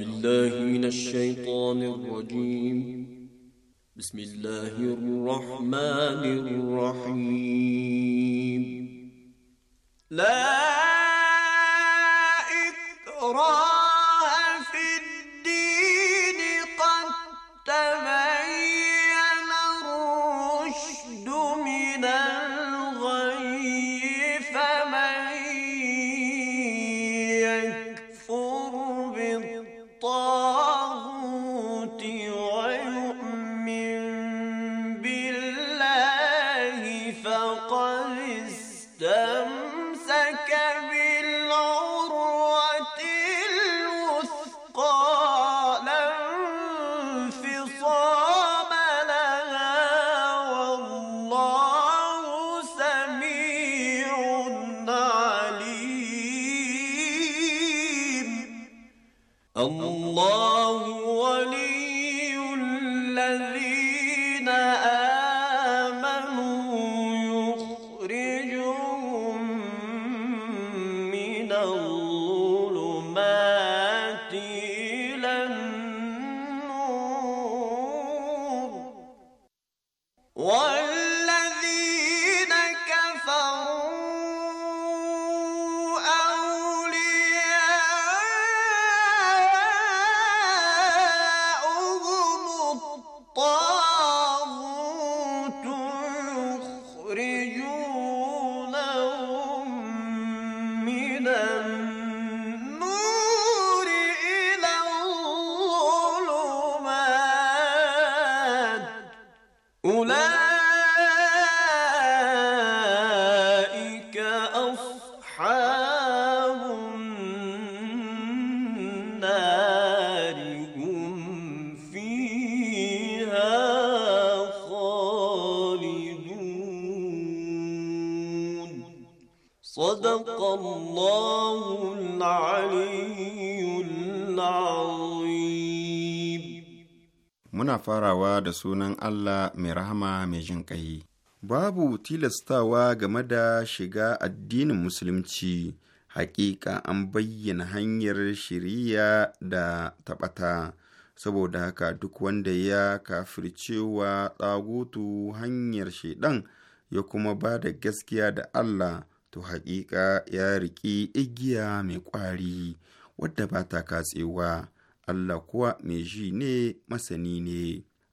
بالله من الشيطان الرجيم بسم الله 我。da sunan Allah mai rahama mai jin ƙai. Babu tilastawa game da shiga addinin Musulunci, haƙiƙa an bayyana hanyar shiriya da taɓata, saboda haka duk wanda ya cewa tsagutu hanyar shaidan ya kuma ba da gaskiya da Allah, to haƙiƙa ya riƙi igiya mai ƙwari, wadda ba ta katsewa. Allah kuwa mai ji ne masani ne.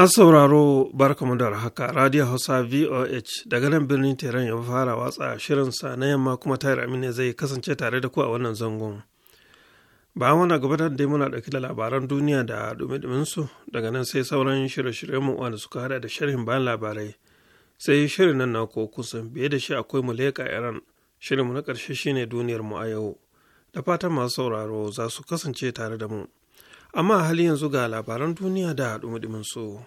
an sauraro barkamu da haka radio hausa voh daga nan birnin teran ya fara watsa shirinsa na yamma kuma tayar amina zai kasance tare da ku a wannan zangon bayan wani gabatar da muna ɗauki da labaran duniya da dumi daga nan sai sauran shirye shiryen mu wanda suka hada da sharhin bayan labarai sai shirin nan na ko kusan biye da shi akwai mu leƙa iran mu na ƙarshe shine duniyar mu a yau da fatan masu sauraro za su kasance tare da mu. amma hali yanzu ga labaran duniya da dumudumin su.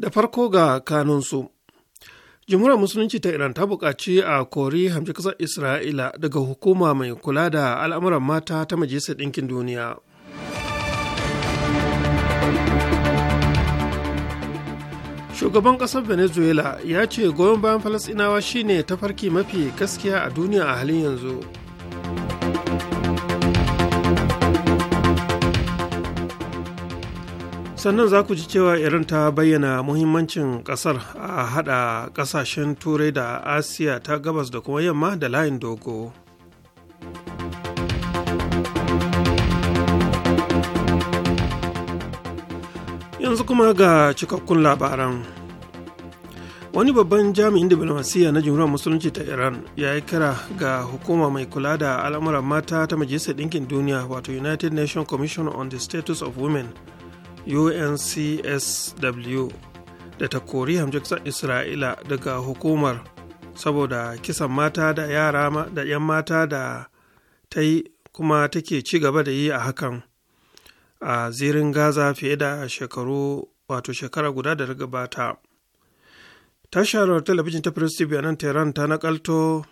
da farko ga kanunsu jimhuriyar musulunci ta iran ta buƙaci a kori hamshi ƙasar isra'ila daga hukuma mai kula da al'amuran mata ta majalisar ɗinkin duniya shugaban ƙasar venezuela ya ce goyon bayan falasinawa shine farki mafi gaskiya a duniya a halin yanzu sannan za ku ji cewa iran ta bayyana muhimmancin kasar a hada kasashen turai da asiya ta gabas da kuma yamma da layin dogo yanzu kuma ga cikakkun labaran wani babban jami'in diplomasiyya na jumhuriyar musulunci ta iran ya yi kira ga hukuma mai kula da al'amuran mata ta majalisar ɗinkin duniya wato united nations commission on the status of women uncsw da ta kori hamjiksar isra'ila daga hukumar saboda kisan mata da yara da 'yan mata da ta yi kuma take ci gaba da yi a hakan a zirin gaza fiye da shekaru wato shekara guda da gabata tashar talabijin ta Firist tv a nan tehran ta nakalto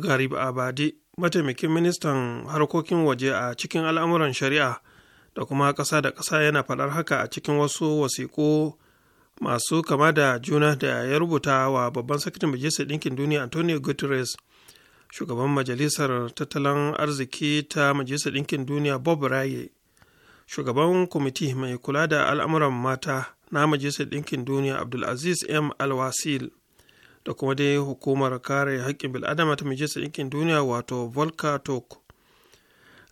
garib abadi mataimakin ministan harkokin waje a cikin al'amuran shari'a da kuma ƙasa da ƙasa yana faɗar haka a cikin wasu wasiƙu masu kama da juna da ya rubuta wa babban sakitin majalisar ɗinkin duniya antonio guterres shugaban majalisar tattalin arziki ta majalisar ɗinkin duniya bob raye shugaban kwamiti mai kula da al'amuran mata na majalisar ɗinkin duniya abdulaziz m alwasil da kuma dai hukumar kare haƙƙin bil'adama ta majalisar ɗinkin duniya wato volker tok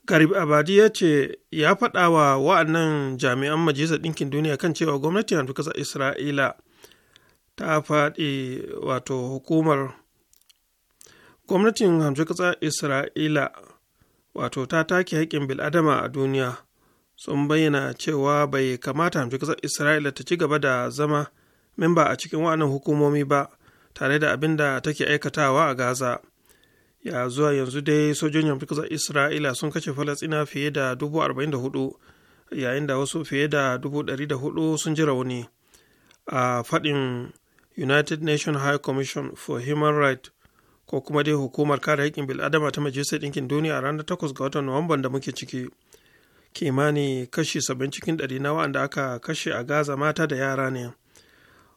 garib abadi ya ce ya faɗa wa wa'annan jami'an majalisar ɗinkin duniya kan cewa gwamnatin ƙasar isra'ila ta faɗi wato hukumar gwamnatin hamshin ƙasar isra'ila wato ta take haƙƙin bil'adama a duniya sun bayyana cewa bai kamata hamshi ƙasar isra'ila ta ci gaba da zama memba a cikin wa'anan hukumomi ba tare da abin da take aikatawa a gaza ya zuwa yanzu dai sojojin hamshi ƙasar isra'ila sun kashe falastina fiye da dubu arba'in da hudu yayin da wasu fiye da dubu ɗari da hudu sun ji rauni a faɗin united nations high commission for human rights ko kuma dai hukumar kare haƙƙin bil'adama ta majalisar ɗinkin duniya a ranar 8 ga watan nuwamban da muke ciki kimani kashi 70 cikin ɗari na wa'anda aka kashe a gaza mata da yara ne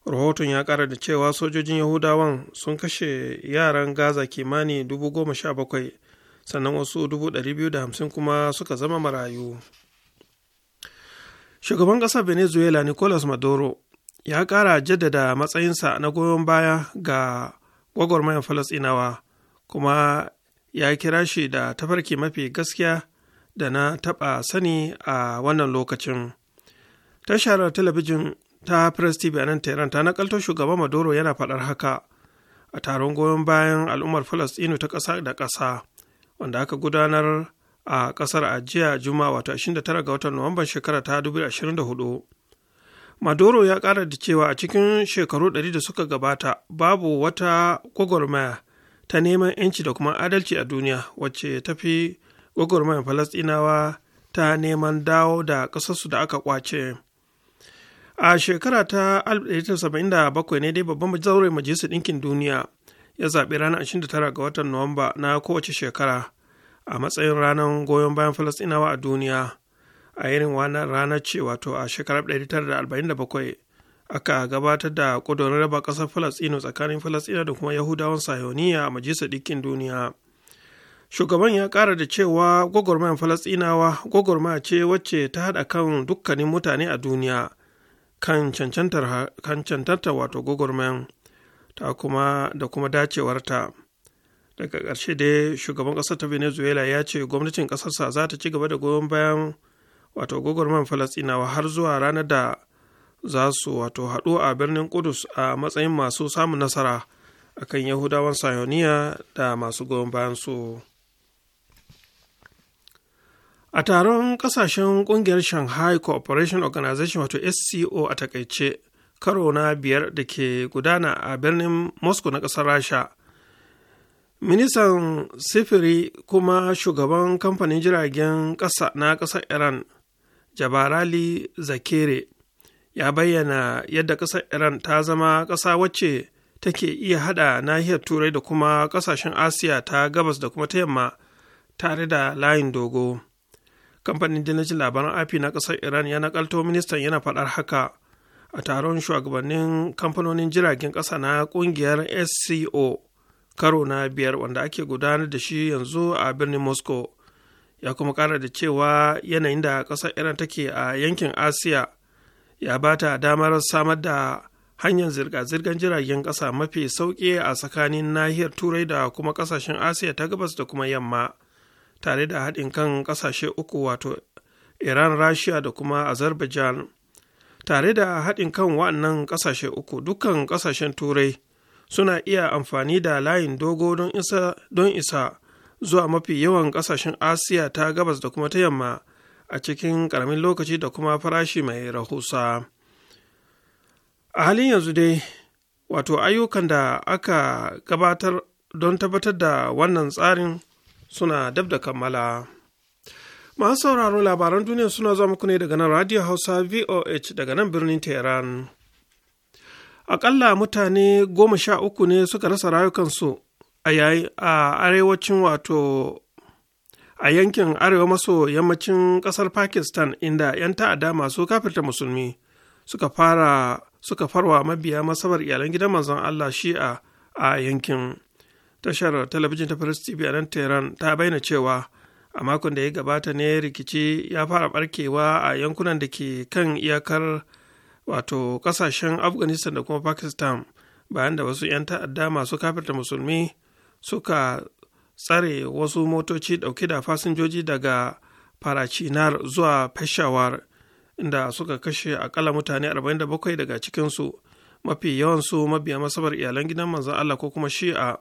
rahoton ya ƙara da cewa sojojin yahudawan sun kashe yaran gaza kimani dubu goma sha sannan wasu dubu da hamsin kuma suka zama marayu shugaban ƙasar venezuela nicolas maduro ya ƙara jaddada matsayinsa na goyon baya ga gwagwarmayan falasinawa kuma ya kira shi da tafarki mafi gaskiya da na taɓa sani a wannan lokacin. Tashar talabijin ta Press TV a nan Tehran ta nakalto shugaban Maduro yana faɗar haka a taron goyon bayan al'ummar Falastinu ta ƙasa da ƙasa wanda aka gudanar a ƙasar a jiya Juma'a wato 29 ga watan Nuwamban shekara ta 2024. Maduro ya ƙara da cewa a cikin shekaru ɗari da suka gabata babu wata gwagwarmaya ta neman 'yanci da kuma adalci a duniya wacce ta fi gwagwarmayar falasɗinawa ta neman dawo da ƙasarsu da aka kwace a shekara ta 1977 ne dai babban zaure majalisar ɗinkin duniya ya zaɓi ranar 29 ga watan nuwamba na kowace shekara a matsayin ranar goyon bayan falasɗinawa a duniya a irin wannan ranar ce wato a shekarar 1947 aka gabatar da ƙudurin raba ƙasar falasɗinu tsakanin falasɗina da kuma yahudawan sayoniya a majalisar ɗinkin duniya shugaban ya kara da cewa gwagwarmayar falasinawa gwagwarmaya ce wacce ta haɗa kan dukkanin mutane a duniya kan cancantar wato gwagwarmayar ta kuma da kuma dacewarta daga ƙarshe dai shugaban ƙasar ta venezuela ya ce gwamnatin ƙasarsa za ta ci gaba da goyon bayan wato gwagwarmayar falasinawa har zuwa ranar da za su wato haɗu a birnin kudus a matsayin masu samun nasara akan yahudawan sayoniya da masu goyon bayan su. A taron ƙasashen ƙungiyar Shanghai Cooperation Organization wato SCO a takaice, karo na biyar da ke gudana a birnin Moscow na ƙasar Rasha. Ministan sifiri kuma shugaban kamfanin jiragen ƙasa na ƙasar Iran, Jabarali Zakere, ya bayyana yadda ƙasar Iran ta zama ƙasa wacce take iya hada nahiyar Turai da kuma ƙasashen Asiya ta gabas da kuma ta yamma tare da layin dogo. kamfanin dinnacin labaran afi na kasar iran ya nakalto ministan yana faɗar haka a taron shugabannin kamfanonin jiragen ƙasa na ƙungiyar sco karo na biyar wanda ake gudanar da shi yanzu a birnin moscow ya kuma ƙara da cewa yanayin da ƙasar iran take a yankin asiya ya ba ta damar samar da hanyar zirga-zirgar jiragen ƙasa mafi sauƙi a tsakanin nahiyar turai da kuma ƙasashen asiya ta gabas da kuma yamma tare da haɗin kan ƙasashe uku wato iran rasha da kuma azerbaijan tare da haɗin kan wa'annan ƙasashe uku dukkan ƙasashen turai suna iya amfani da layin dogo don isa, don isa zuwa mafi yawan ƙasashen asiya ta gabas da kuma ta yamma a cikin ƙaramin lokaci da kuma farashi mai rahusa a halin yanzu dai wato ayyukan da aka gabatar don tabbatar da wannan tsarin suna dab da kammala masu sauraro labaran duniya suna zuwa muku ne daga nan radio hausa voh daga nan birnin tehran akalla mutane goma sha uku ne suka rasa rayukansu a arewacin wato a yankin arewa maso yammacin ƙasar pakistan inda 'yan ta'adda masu kafirta musulmi suka fara suka farwa mabiya masabar iyalan gidan manzon allah shi'a a yankin tashar talabijin ta Paris TV a Tehran ta bayyana cewa a makon da ya gabata ne rikici ya fara barkewa a yankunan da ke kan iyakar wato kasashen Afghanistan da kuma Pakistan bayan da wasu 'yan ta'adda masu kafirta musulmi suka tsare wasu motoci dauke da fasinjoji daga faracinar zuwa peshawar inda suka kashe akalla mutane 47 daga cikinsu mafi yawansu mabiya masabar iyalan gidan manzan Allah ko kuma shi'a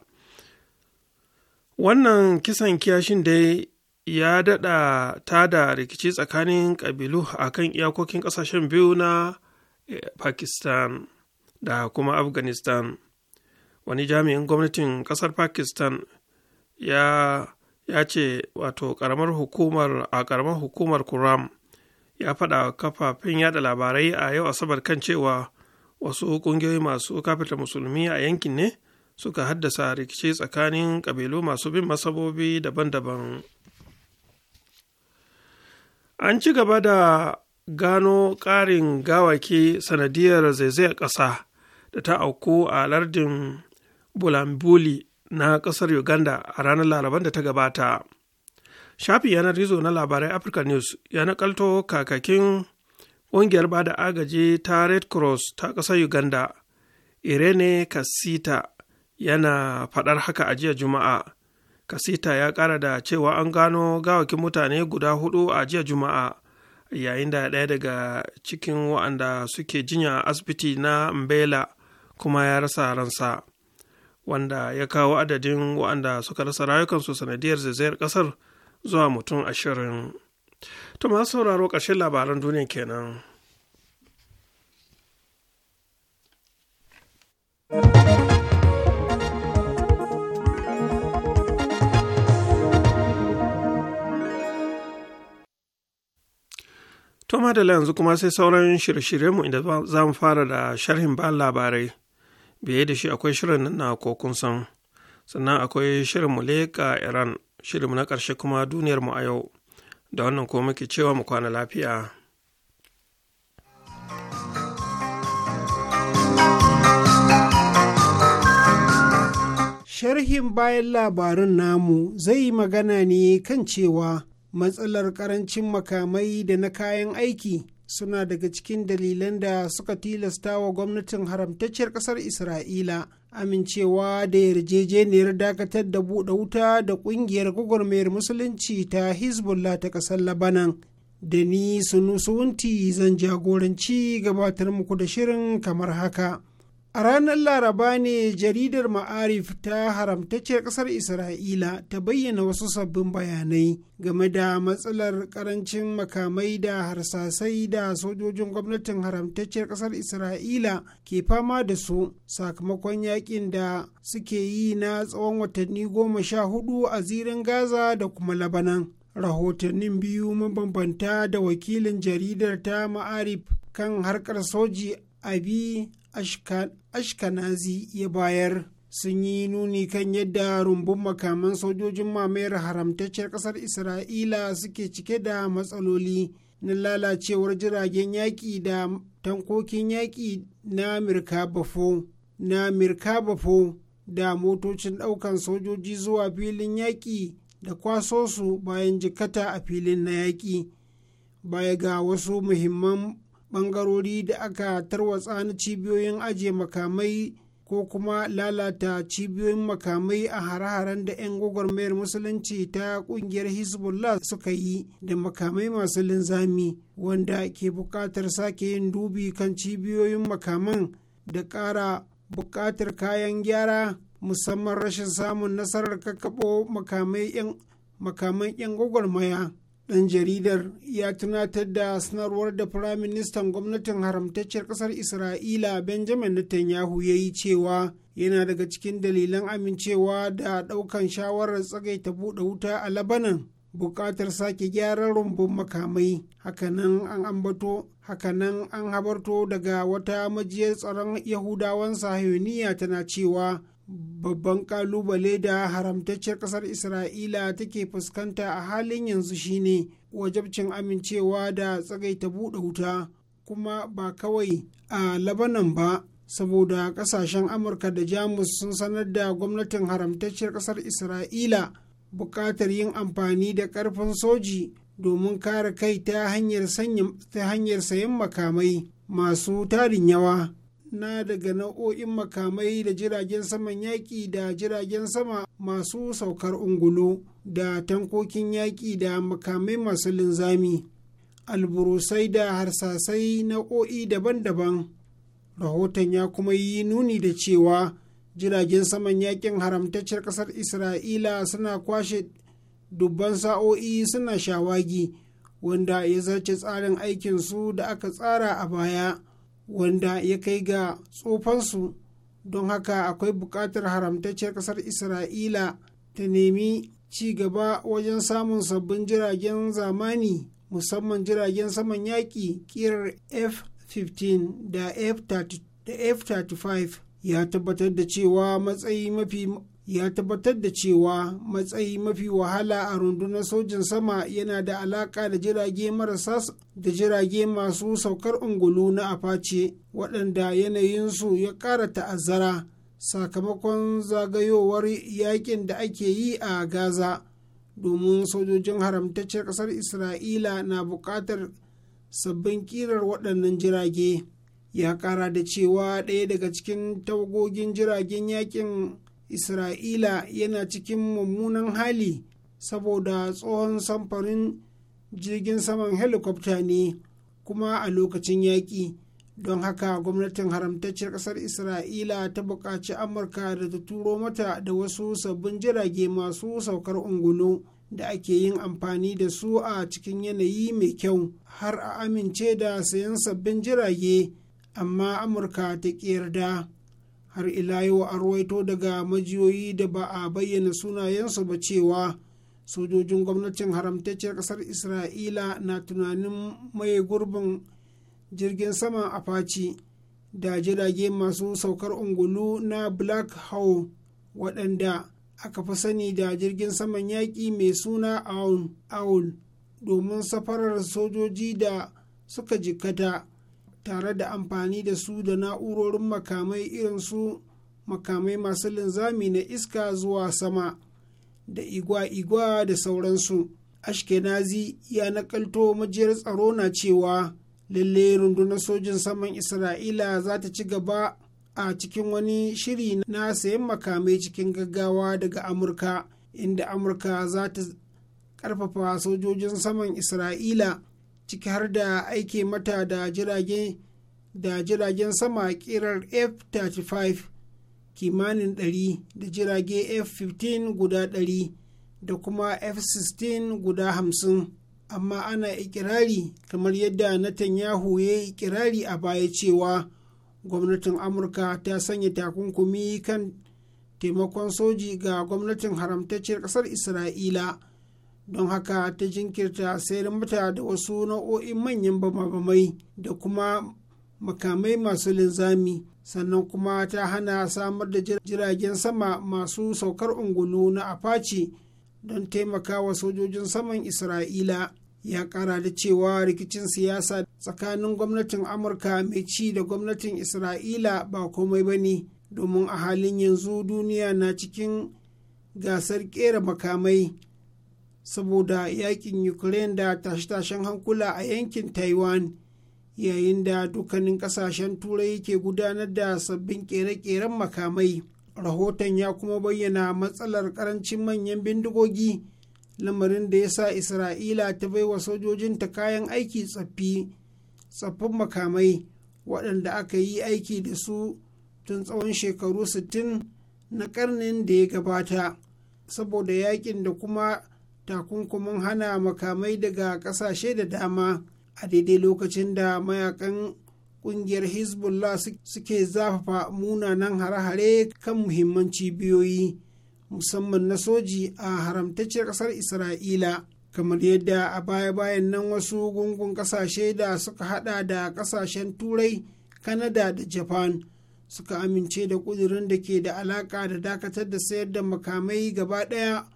wannan kisan kiyashin dai ya daɗa ta da rikici tsakanin ƙabilu a kan iyakokin ƙasashen biyu na eh, pakistan da kuma afghanistan wani jami'in gwamnatin ƙasar pakistan ya, ya ce wato ƙaramar hukumar a ƙaramar hukumar kuram ya faɗa kafafen yada labarai a yau asabar kan cewa wasu ƙungiyoyi masu kafita musulmi a yankin ne suka haddasa rikici tsakanin ƙabilu masu bin masabobi daban-daban an ci gaba da gano ƙarin gawaki sanadiyar zaizayar ƙasa da ta auku a lardin bulambuli na ƙasar uganda a ranar laraban da ta gabata Shafi yanar gizo na labarai africa news ya nakalto kakakin ƙungiyar ba da agaji ta red cross ta ƙasar uganda irene kasita yana faɗar haka a jiya juma'a kasita ya kara da cewa an gano gawakin mutane guda hudu a jiya juma'a yayin da ɗaya daga cikin wa'anda suke jinya asibiti na mbela kuma ya rasa ransa wanda ya kawo adadin wa'anda suka rasa rayukansu sanadiyar zaizayar ƙasar zuwa mutum ashirin to masu sauraro ƙarshen labaran duniya kenan. To madala yanzu kuma sai sauran shirye-shiryenmu inda za mu fara da sharhin ba labarai. Biye da shi akwai shirin nan na kokun san, sannan akwai shirin mu leƙa Iran, shirin mu na ƙarshe kuma duniyar mu a yau. Da wannan ko muke cewa mu kwana lafiya. Sharhin bayan labarin namu zai yi magana ne kan cewa matsalar karancin makamai da na kayan aiki suna daga cikin dalilan da suka tilasta wa gwamnatin haramtacciyar ƙasar isra'ila amincewa da yarjejeniyar dakatar da buɗe wuta da ƙungiyar gwagwarmayar musulunci ta hezbollah ta ƙasar labanan da ni sunusuwunti zan jagoranci gabatar muku da shirin kamar haka A ranar Laraba ne jaridar Ma'arif ta haramtace ƙasar Isra'ila ta bayyana wasu sabbin bayanai game da matsalar ƙarancin makamai da harsasai da sojojin gwamnatin haramtacciyar ƙasar Isra'ila ke fama da su sakamakon yakin da suke yi na tsawon watanni goma sha hudu a zirin Gaza da kuma Labanan. Rahotannin biyu mabambanta da wakilin jaridar ta Ma'arif kan harkar soji abi ashkanazi ya bayar sun yi nuni kan yadda rumbun makaman sojojin mamayar haramtacciyar kasar isra'ila suke cike da matsaloli na lalacewar jiragen yaƙi da tankokin yaƙi na mirkabafo na mirkabafo da motocin ɗaukan sojoji zuwa filin yaƙi da kwaso su bayan jikata a filin na yaƙi baya ga wasu muhimman bangarori da aka tarwatsa na cibiyoyin ajiye makamai ko kuma lalata cibiyoyin makamai a hare-haren da 'yan gwagwarmayar musulunci ta kungiyar hezbollah suka yi da makamai masu linzami wanda ke buƙatar sake yin dubi kan cibiyoyin makaman da ƙara buƙatar kayan gyara musamman rashin samun nasarar kakkaɓo makaman 'yan gwagwarmaya ɗan jaridar ya tunatar da sanarwar da firaministan gwamnatin haramtacciyar ƙasar isra'ila benjamin netanyahu ya yi cewa yana daga cikin dalilan amincewa da ɗaukan shawarar tsagaita buɗe wuta a labanan buƙatar sake gyaran rumbun makamai hakanan an ambato hakanan an habarto daga wata majiyar tsaron yahudawan sahiyoniya tana cewa babban kalubale da haramtacciyar kasar isra'ila take fuskanta a halin yanzu shine wajabcin amincewa da tsagaita buɗe wuta kuma ba kawai a labanan ba saboda kasashen amurka da jamus sun sanar da gwamnatin haramtacciyar kasar isra'ila buƙatar yin amfani da ƙarfin soji domin kare kai ta hanyar sayan makamai masu tarin yawa na daga nau'o'in makamai da jiragen saman yaƙi da jiragen sama masu saukar ungulu da tankokin yaƙi da makamai masu linzami alburusai da harsasai nau'o'i daban-daban rahoton ya kuma yi nuni da cewa jiragen saman yaƙin haramtacciyar ƙasar isra'ila suna kwashe dubban sa'o'i suna shawagi wanda ya zarce tsarin aikinsu da aka tsara a baya. wanda ya kai ga tsofansu don haka akwai buƙatar haramtacciyar ƙasar isra'ila ta nemi ci gaba wajen samun sabbin jiragen zamani musamman jiragen saman yaƙi ƙirar f-15 da f-35 ya tabbatar da cewa matsayi mafi ya tabbatar da cewa matsayi mafi wahala a rundunar sojin sama yana da alaka da jirage marasa da jirage masu saukar ungulu na apache waɗanda yanayinsu ya ƙara ta'azzara sakamakon zagayowar yakin da ake yi a gaza domin sojojin haramtaccen ƙasar isra'ila na buƙatar sabbin ƙirar waɗannan jirage ya ƙara da cewa ɗaya daga cikin tawagogin jiragen yakin isra'ila yana cikin mummunan hali saboda tsohon samfarin jirgin saman helikofta ne kuma a lokacin yaƙi don haka gwamnatin haramtacciyar ƙasar isra'ila ta buƙaci amurka da ta turo mata da wasu sabbin jirage masu saukar ungulu da ake yin amfani da su a cikin yanayi mai kyau har a amince da sayan sabbin jirage amma amurka ta ƙi yarda har ila yau a ruwaito daga majiyoyi da ba a bayyana sunayensu ba cewa sojojin gwamnatin haramtacciyar ƙasar isra'ila na tunanin mai gurbin jirgin sama apache da jirage masu saukar ungulu na black hole waɗanda aka fi sani da jirgin saman yaƙi mai suna aul domin safarar sojoji da suka jikkata tare da amfani da su da na'urorin makamai irin su makamai masu linzami na iska zuwa sama da igwa-igwa da sauransu ashkenazi ya nakalto majiyar tsaro na cewa lalle rundunar sojin saman isra'ila za ta ci gaba a cikin wani shiri na sayan makamai cikin gaggawa daga amurka inda amurka za ta karfafa sojojin saman isra'ila ciki har da aike mata da jirage da jiragen sama kirar f-35 kimanin 100 da jirage f-15 guda 100 da kuma f-16 guda 50 amma ana ikirari kamar yadda Netanyahu ya yi ikirari a baya cewa gwamnatin amurka ta sanya takunkumi kan taimakon soji ga gwamnatin haramtacciyar ƙasar isra'ila don haka ta jinkirta sayar mata da wasu nau'o'in manyan bamabamai da kuma makamai masu linzami sannan kuma ta hana samar da jiragen sama masu saukar ungulu na apache don taimakawa sojojin saman isra'ila ya kara da cewa rikicin siyasa tsakanin gwamnatin amurka mai ci da gwamnatin isra'ila ba komai ba ne domin a halin yanzu duniya na cikin gasar kera makamai saboda yakin ukraine da tashe-tashen hankula a yankin taiwan yayin da dukkanin kasashen turai ke gudanar da sabbin kere-keren makamai rahoton ya kuma bayyana matsalar karancin manyan bindigogi lamarin da ya sa isra'ila ta baiwa sojojinta kayan aiki tsaffi tsaffin makamai waɗanda aka yi aiki da su tun tsawon shekaru 60 na karnin da ya gabata saboda yakin da kuma takunkumin hana makamai daga ƙasashe da dama a daidai lokacin da mayakan ƙungiyar hezbollah suke zafafa munanan hare-hare kan muhimman cibiyoyi musamman na soji a haramtacciyar ƙasar isra'ila kamar yadda a baya-bayan nan wasu gungun ƙasashe da suka hada da ƙasashen turai kanada da japan suka amince da ƙudurin da ke da alaƙa da dakatar da sayar da makamai gaba ɗaya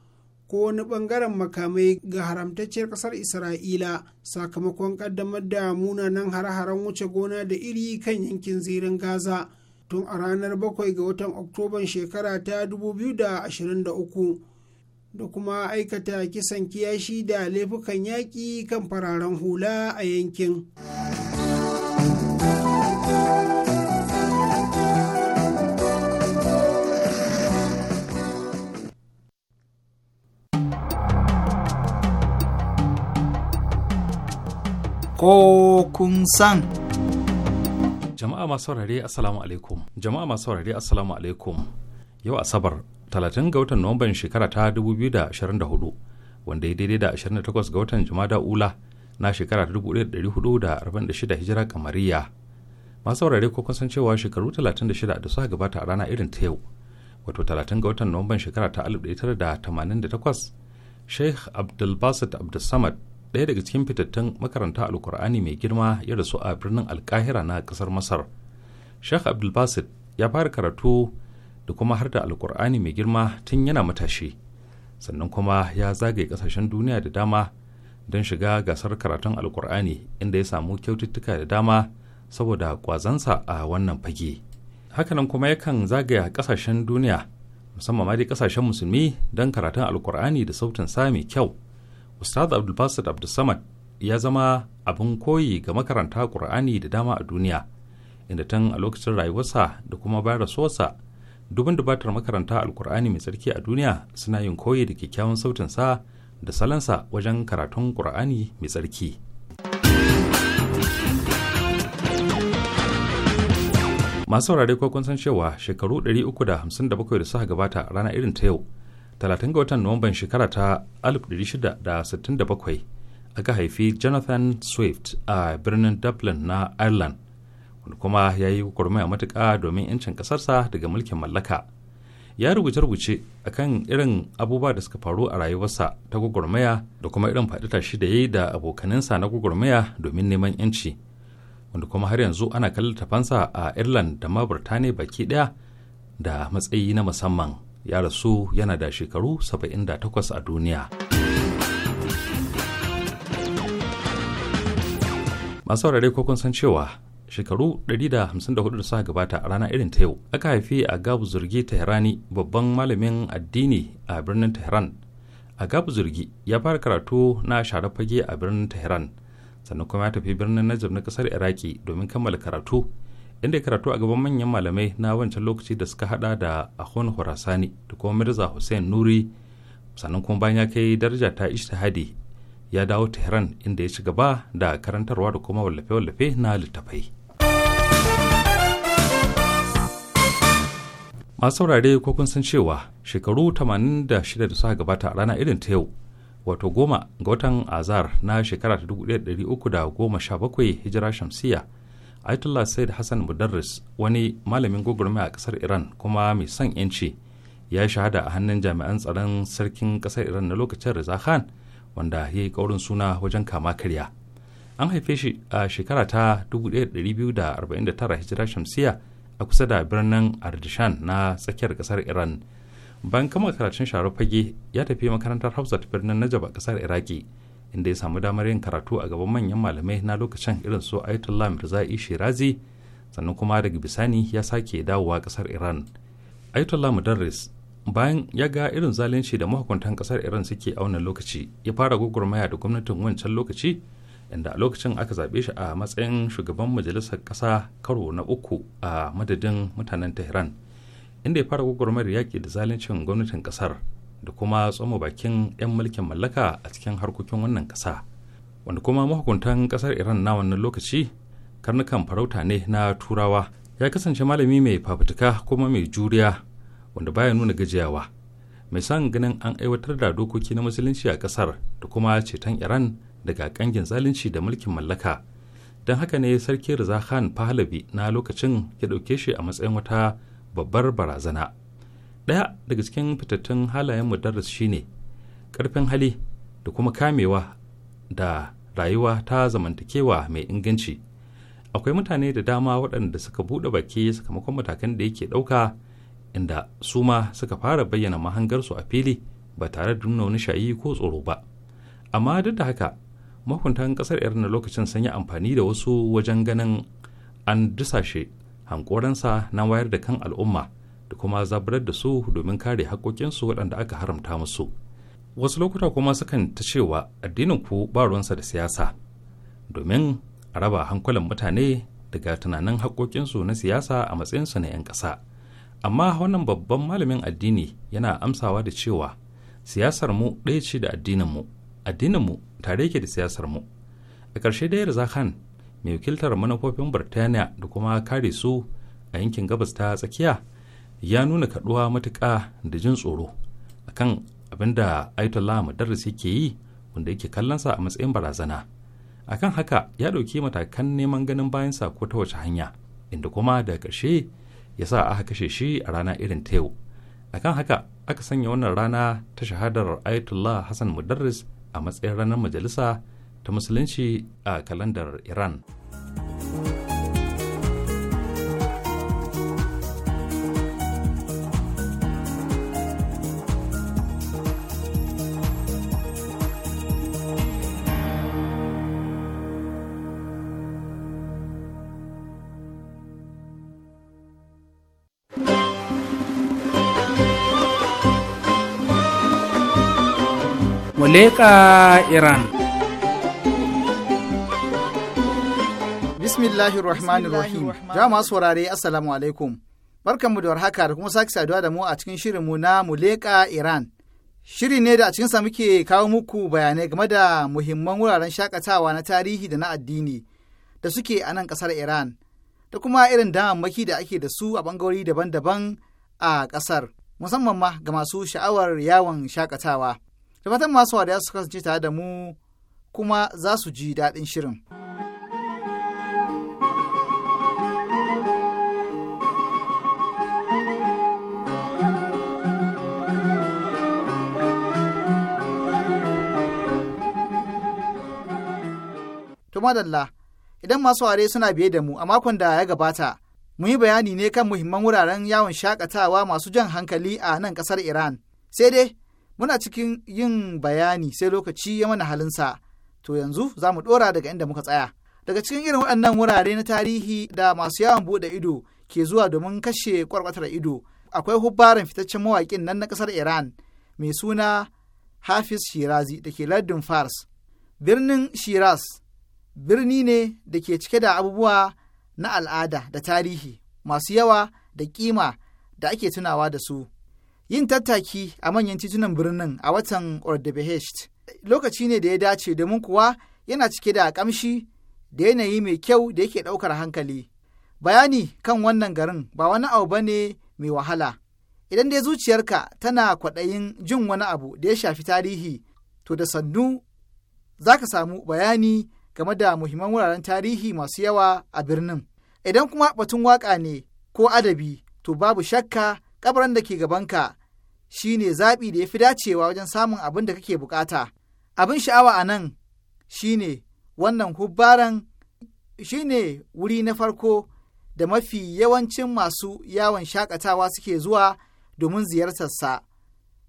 ko wani bangaren makamai ga haramtacciyar kasar isra'ila sakamakon kaddamar da munanan hare-haren wuce gona da iri kan yankin zirin gaza tun a ranar 7 ga watan oktoban shekara ta 2023 da kuma aikata kisan kiyashi da laifukan yaƙi kan fararen hula a yankin. ko kun san. Jama'a masu saurare Assalamu alaikum. Jama'a masu saurare Assalamu alaikum. Yau Asabar, 30 ga watan Nuwamban shekara ta 2024, wanda ya daidai da 28 ga watan Jumada Ula na shekara ta 1446 hijira kamariya. Masu saurare ko kun san cewa shekaru 36 da suka gabata a rana irin ta yau, wato 30 ga watan Nuwamban shekara ta 1988, Sheikh Abdulbasit Abdulsamad ɗaya daga cikin fitattun makaranta alkur'ani mai girma ya rasu a birnin alkahira na ƙasar masar sheikh abdulbasit ya fara karatu da kuma har alkur'ani mai girma tun yana matashi sannan kuma ya zagaye ƙasashen duniya da dama don shiga gasar karatun alkur'ani inda ya samu kyaututtuka da dama saboda ƙwazansa a wannan fage hakanan kuma yakan zagaya ƙasashen duniya musamman ma dai ƙasashen musulmi don karatun alkur'ani da sautin sa mai kyau Ustaz Abdulbasir Abdulsamad ya zama abin koyi ga makaranta kur'ani da dama a duniya, inda tun a lokacin rayuwarsa da kuma bayan rasuwarsa dubin dubatar makaranta alkur'ani mai tsarki a duniya suna yin koyi da kyakkyawan sautinsa da salansa wajen karatun Ƙur'ani mai tsarki. masu saurare ko kun san cewa shekaru 357 da suka gabata rana irin ta yau 30 ga watan Nuwamban shekara ta 1667 aka haifi Jonathan Swift a birnin Dublin na Ireland, wanda kuma ya yi gwagwarmaya matuƙa domin 'yancin ƙasarsa daga mulkin mallaka. Ya rubuce-rubuce a kan irin abubuwa da suka faru a rayuwarsa ta gwagwarmaya da kuma irin faɗita shi da ya yi da abokaninsa na gwagwarmaya domin neman 'yanci. wanda kuma har yanzu ana kallon tafansa a Ireland da ma burtaniya baki ɗaya da matsayi na musamman. ya rasu yana da shekaru 78 a duniya. masu saurare ko kun san cewa shekaru 154 da suka gabata a rana irin ta yau aka haifi a gabu zurgi tehrani babban malamin addini a birnin tehran a gabu zurgi ya fara karatu na share fage a birnin tehran sannan kuma ya tafi birnin najib na kasar iraki domin kammala karatu inda ya karatu a gaban manyan malamai na wancan lokaci da suka hada da ahun horasani da kuma mirza hussein nuri sannan kuma bayan ya kai daraja ta ishtihadi ya dawo tehran inda ya ci gaba da karantarwa da kuma wallafe-wallafe na littafai masu saurare ko kun san cewa shekaru 86 da suka gabata a rana irin ta yau wato goma ga watan azar na shekara ta 1317 hijira shamsiyya Ayatollah Said Hassan Mudarris wani malamin gwagwarmaya a kasar Iran kuma mai son yanci ya shahada a hannun jami'an tsaron sarkin kasar Iran na lokacin Reza Khan wanda ya yi kaurin suna wajen kama karya. An haife shi a shekara ta 1249 hijira shamsiya a kusa da birnin Ardishan na tsakiyar kasar Iran. Bayan kama karatun sharar fage ya tafi makarantar Hafsat birnin Najab a kasar Iraki. inda ya samu damar yin karatu a gaban manyan malamai na lokacin irin su Ayatollah Mirza'i Shirazi sannan kuma daga bisani ya sake dawowa kasar Iran. Ayatollah Mudarris bayan ya ga irin zalunci da mahukuntan kasar Iran suke auna wannan lokaci ya fara gwagwarmaya da gwamnatin wancan lokaci inda a lokacin aka zaɓe shi a matsayin shugaban majalisar ƙasa karo na uku a madadin mutanen Tehran inda ya fara gwagwarmayar yaƙi da zaluncin gwamnatin ƙasar. da kuma tsoma bakin 'yan mulkin mallaka a cikin harkokin wannan ƙasa wanda kuma mahukuntan ƙasar iran na wannan lokaci karnukan farauta ne na turawa ya kasance malami mai fafutuka kuma mai juriya wanda baya nuna gajiyawa mai san ganin an aiwatar da dokoki na musulunci a ƙasar da kuma ceton iran daga kangin zalunci da mulkin mallaka don haka ne sarki rizakhan fahalabi na lokacin ya ɗauke shi a matsayin wata babbar barazana. ɗaya daga cikin fitattun halayen mudarris shine ƙarfin hali da kuma kamewa da rayuwa ta zamantakewa mai inganci akwai mutane da dama waɗanda suka buɗe baki sakamakon matakan da yake ɗauka inda su ma suka fara bayyana mahangarsu a fili ba tare da nuna wani shayi ko tsoro ba amma duk da haka mahukuntan ƙasar irin na lokacin sun yi amfani da wasu wajen ganin an dusashe hankoransa na wayar da kan al'umma da kuma zaburar da su domin kare haƙoƙinsu waɗanda aka haramta musu wasu lokuta kuma sukan ta cewa addinin ku ba ruwansa da siyasa domin a raba hankulan mutane daga tunanin haƙoƙinsu na siyasa a matsayinsu na 'yan ƙasa amma wannan babban malamin addini yana amsawa da cewa siyasar mu ɗaya ce da addinin mu addinin mu tare yake da siyasar mu a ƙarshe dai Rza Khan mai wakiltar manufofin Birtaniya da kuma kare su a yankin gabas ta tsakiya ya nuna kaduwa matuƙa da jin tsoro akan abin da Ayatollah Madaris yake yi wanda yake kallonsa a matsayin barazana. Akan haka ya ɗauki matakan neman ganin bayansa ko ta wace hanya, inda kuma da ƙarshe ya sa aka kashe shi a rana irin ta yau. Akan haka aka sanya wannan rana ta shahadar Ayatollah Hassan Madaris a matsayin ranar majalisa ta musulunci a kalandar Iran. Muleka Iran. Bismillahirrahmanirrahim. Jama'a saurare Assalamu alaikum. Barkanmu da warhaka da kuma sake saduwa da mu a cikin shirinmu na Muleka Iran. Shiri ne da a cikinsa muke kawo muku bayanai game da muhimman wuraren shakatawa na tarihi da na addini da suke a nan ƙasar Iran da kuma irin damammaki da ake da su a bangarori daban-daban a ƙasar musamman ma ga masu sha'awar yawon shakatawa. da fatan masu wadaya su kasance tare da mu kuma za su ji daɗin shirin. To madalla, idan masu ware suna biye da mu a makon da ya gabata, mu yi bayani ne kan muhimman wuraren yawon shakatawa masu jan hankali a nan kasar Iran. Sai dai, muna cikin yin bayani sai lokaci ya mana halinsa to yanzu za mu ɗora daga inda muka tsaya daga cikin irin waɗannan wurare na tarihi da masu yawon buɗe ido ke zuwa domin kashe kwarkwatar ido akwai hubbaran fitaccen mawaƙin nan na ƙasar iran mai suna hafiz shirazi da ke lardin fars birnin shiraz birni ne da ke cike da abubuwa na al'ada da tarihi masu yawa da kima da ake tunawa da su Yin tattaki a manyan titunan birnin a watan Ordebehesh lokaci ne da ya dace domin kuwa yana cike da kamshi da yanayi mai kyau da yake ɗaukar hankali. Bayani kan wannan garin ba wani abu ba ne mai wahala. Idan dai zuciyarka tana kwaɗayin jin wani abu da ya shafi tarihi, to da sannu za ka samu bayani game da muhimman wuraren tarihi masu yawa a birnin. Idan kuma batun waƙa ne ko adabi, to babu shakka kabaran da ke gabanka Shi ne zaɓi da ya fi dacewa wajen samun abin da kake bukata. Abin sha'awa a nan shi ne wannan hubbaran ne wuri na farko da mafi yawancin masu yawon shakatawa suke zuwa domin ziyartarsa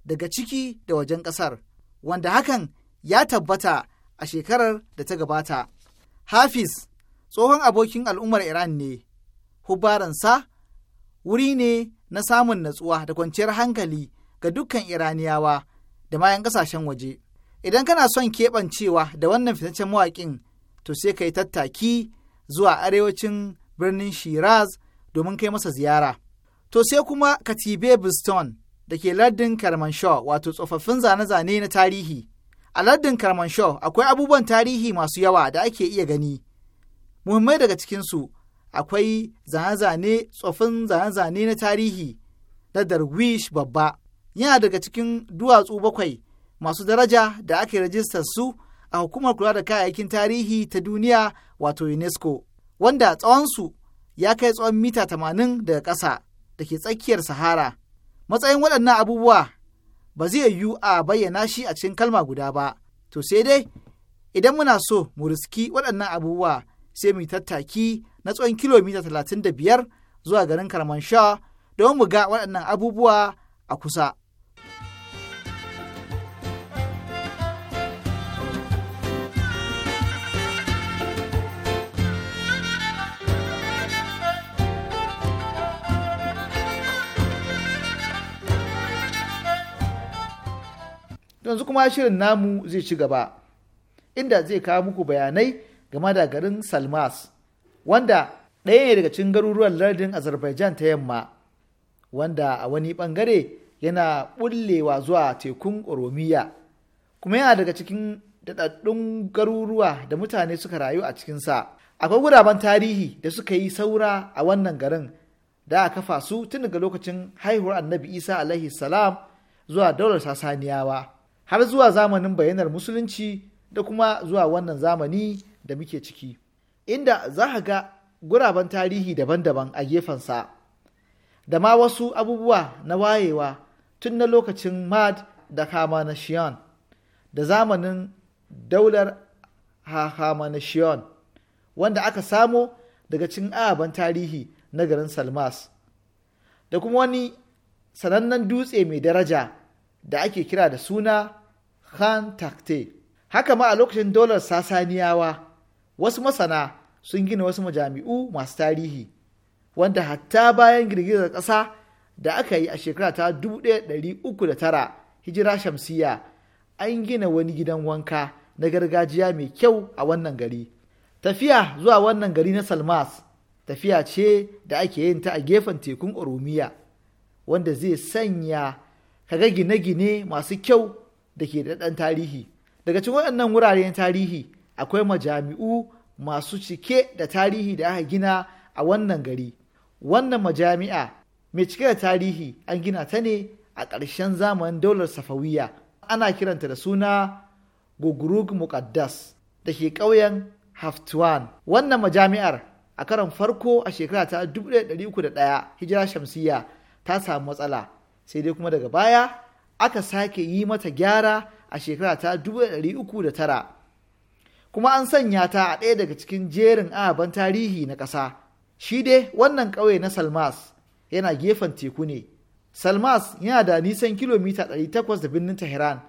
daga ciki da wajen ƙasar, wanda hakan ya tabbata a shekarar da ta gabata. Hafiz tsohon abokin al'ummar Iran ne, hubbaransa wuri ne na samun natsuwa da kwanciyar hankali ga dukkan iraniyawa da mayan ƙasashen waje idan kana son keɓancewa da wannan fitaccen mawaƙin to sai ka yi tattaki zuwa arewacin birnin shiraz domin kai masa ziyara to sai kuma katibe biston da ke lardin karmanshaw wato tsofaffin zane-zane na tarihi a lardin karmanshaw akwai abubuwan tarihi masu yawa da ake iya gani muhimmai daga cikinsu akwai zane-zane zane-zane na tarihi na darwish babba yana daga cikin duwatsu bakwai masu daraja da ake rajistar su a hukumar kula da kayayyakin tarihi ta duniya wato unesco wanda tsawonsu ya kai tsawon mita tamanin daga ƙasa da ke tsakiyar sahara matsayin waɗannan abubuwa ba zai yiwu a bayyana shi a cikin kalma guda ba to sai dai idan muna so mu riski waɗannan abubuwa sai mu tattaki na tsawon kilomita talatin da biyar zuwa garin karmansha don mu ga waɗannan abubuwa a kusa. yanzu kuma shirin namu zai ci gaba inda zai kawo muku bayanai game da garin salmas wanda ɗaya ne daga cikin garuruwan lardin azerbaijan ta yamma wanda a wani ɓangare yana ɓullewa zuwa tekun oromiya kuma yana daga cikin daɗaɗɗun garuruwa da mutane suka rayu a cikinsa akwai guraben tarihi da suka yi saura a wannan garin da a kafa su tun daga lokacin haihuwar annabi isa alaihi salam zuwa daular sasaniyawa har zuwa zamanin bayanar musulunci da kuma zuwa wannan zamani da muke ciki inda za ka ga guraben tarihi daban-daban a gefensa da ma wasu abubuwa na wayewa tun na lokacin mad da hamanashiyon da zamanin daular hamanashiyon wanda aka samo daga cin ababen tarihi na garin salmas da kuma wani sanannen dutse mai daraja da ake kira da suna khan takte haka ma a lokacin dolar sasaniyawa wasu masana sun gina wasu majami'u masu tarihi wanda hatta bayan girgizar ƙasa da aka yi a shekara ta 1309 hijira shamsiya an gina wani gidan wanka na gargajiya mai kyau a wannan gari tafiya zuwa wannan gari na salmas tafiya ce da ake yin ta a gefen tekun oromiya wanda zai sanya kaga gine-gine masu kyau da ke da tarihi daga cikin waɗannan wuraren tarihi akwai majami'u masu cike da tarihi da aka gina a wannan gari wannan majami'a mai cike da tarihi an gina ta ne a ƙarshen zamanin daular safawiya ana kiranta da suna gugurug muqaddas da ke ƙauyen haftuan wannan majami'ar a karon farko a shekara ta 1301 hijira shamsiyya ta samu matsala sai dai kuma daga baya aka sake yi mata gyara a shekara ta tara. kuma an sanya ta a ɗaya daga cikin jerin ababen tarihi na ƙasa shi dai wannan ƙauye na salmas yana gefen teku ne salmas yana da nisan kilomita 800 da birnin tehran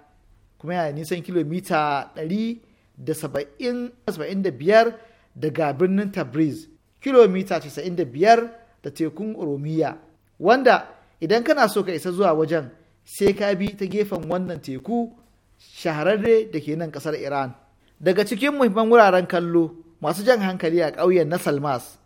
kuma yana da nisan kilomita 175 daga birnin tabriz kilomita 95 da tekun oromiya wanda idan kana so ka isa zuwa wajen sai ka bi ta gefen wannan teku shahararre da ke nan kasar iran daga cikin muhimman wuraren kallo masu jan hankali a ƙauyen na salmas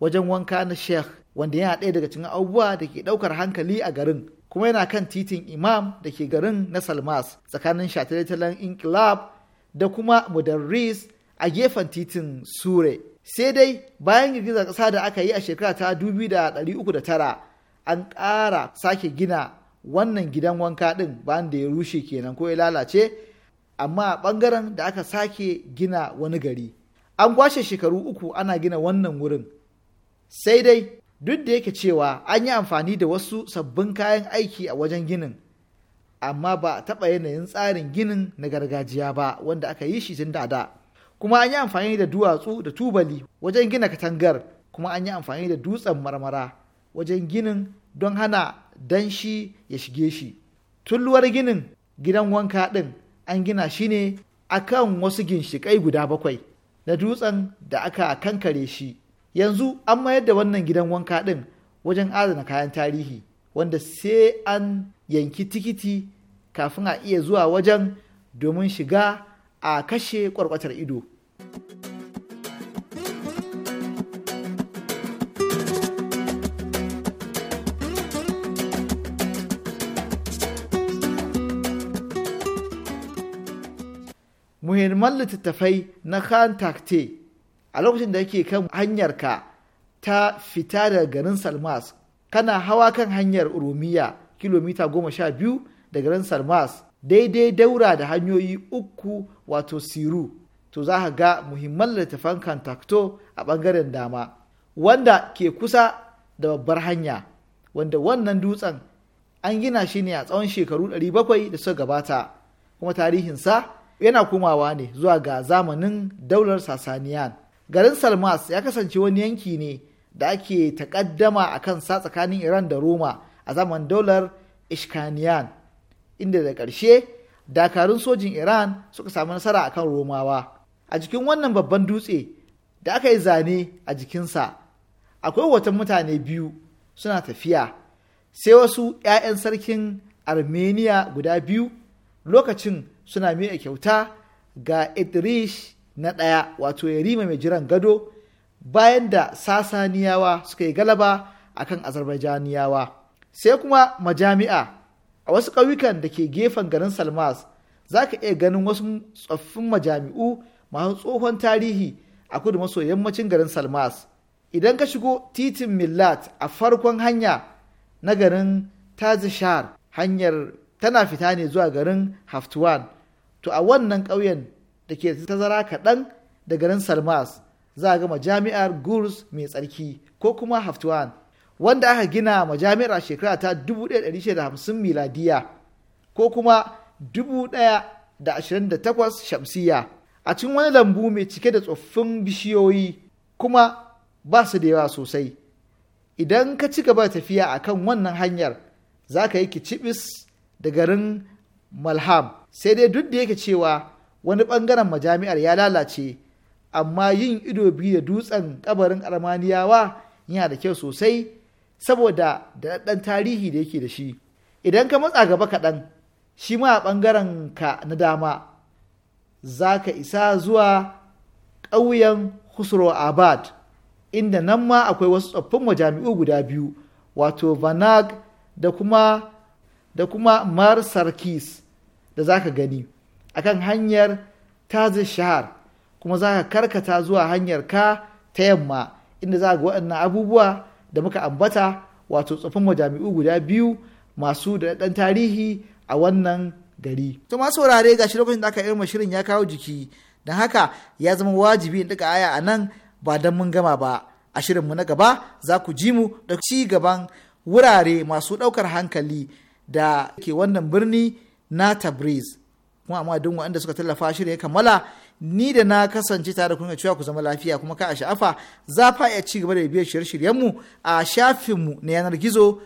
wajen wanka na sheikh wanda yana ɗaya daga cikin abubuwa da ke ɗaukar hankali a garin kuma yana kan titin imam da ke garin na salmas tsakanin shataletalen inkilab da kuma mudarris a gefen titin sure sai dai bayan girgizar ƙasa da aka yi a shekara ta 2309 an ƙara sake gina wannan gidan wanka ɗin bayan da ya rushe kenan ko ya lalace amma a ɓangaren da aka sake gina wani gari an kwashe shekaru uku ana gina wannan wurin sai dai duk da yake cewa an yi amfani da wasu sabbin kayan aiki a wajen ginin amma ba a taɓa yanayin tsarin ginin na gargajiya ba wanda aka yi shi tun dada, kuma an yi amfani da duwatsu da tubali wajen gina katangar kuma an yi amfani da dutsen marmara wajen ginin don hana danshi ya shige shi tulluwar ginin gidan wanka ɗin an gina shi ne a kan wasu ginshiƙai guda bakwai na dutsen da aka kankare shi yanzu an mayar da wannan gidan wanka ɗin wajen adana kayan tarihi wanda sai an yanki tikiti kafin a iya zuwa wajen domin shiga a kashe ƙwarƙwatar ido. muhimman littattafai na kantakte a lokacin da yake kan hanyarka ta fita daga garin Salmas kana hawa kan hanyar Urumiya kilomita goma sha biyu da garin Salmas daidai daura da hanyoyi uku wato Siru to za ka ga muhimman littattafan Kantakto a ɓangaren dama wanda ke kusa da babbar hanya wanda wannan dutsen an gina shi ne a tsawon shekaru 700 da suka gabata kuma tarihinsa yana komawa ne zuwa ga zamanin daular sasaniyan garin salmas ya kasance wani yanki ne da ake takaddama a kan sa tsakanin iran da roma a zaman daular ishkaniyan inda da ƙarshe dakarun sojin iran suka samu nasara akan romawa a jikin wannan babban dutse da aka yi zane a jikinsa akwai watan mutane biyu suna tafiya sai wasu 'ya'yan sarkin armenia guda biyu lokacin suna miƙa kyauta ga idrish na ɗaya wato yarima mai jiran gado bayan da sasaniyawa suka yi galaba akan azerbaijaniyawa sai kuma majami'a a wasu ƙauyukan da ke gefen garin salmas za ka iya ganin wasu tsoffin majami'u masu tsohon tarihi a kudu maso yammacin garin salmas idan ka shigo titin millat a farkon hanya na garin tazishar hanyar tana fita ne zuwa garin haftuwan to a wannan ƙauyen da ke tazara kaɗan da garin salmas za a gama jami'ar gurs mai tsarki ko kuma Haftuwan, wanda aka gina majami'ar a shekara ta 1650 miladiya ko kuma 1028 shamsiya a cikin wani lambu mai cike da tsoffin bishiyoyi kuma ba su da yawa sosai idan ka ci gaba tafiya a kan wannan hanyar za ka yi kicibis da garin malham sai dai duk da yake cewa wani bangaren majami'ar ya lalace amma yin ido biyu da dutsen kabarin armaniyawa yana da kyau sosai saboda da ɗan tarihi da yake da shi idan ka matsa gaba kaɗan shi ma a ɓangaren ka na dama za ka isa zuwa ƙauyen husro abad inda nan ma akwai wasu tsoffin majami'u guda biyu wato vanag da kuma da kuma mar sarkis da za ka gani kan hanyar tazi shahar kuma za ka karkata zuwa hanyar ka ta yamma inda za ga waɗannan abubuwa da muka ambata wato tsofin majami'u guda biyu masu da ɗan tarihi a wannan gari. To masu wurare gashi lokacin da aka irma shirin ya kawo jiki don haka ya zama wajibi in aya a nan ba don mun gama ba a shirinmu na gaba za ku ji mu da ci gaban wurare masu ɗaukar hankali da ke wannan birni na Tabriz. Kuma amma don waɗanda suka tallafa shirya ya kammala ni da na kasance tare kun cewa ku zama lafiya kuma ka a sha'afa za fa iya ci gaba da biyar shirye-shiryenmu a shafinmu na yanar gizo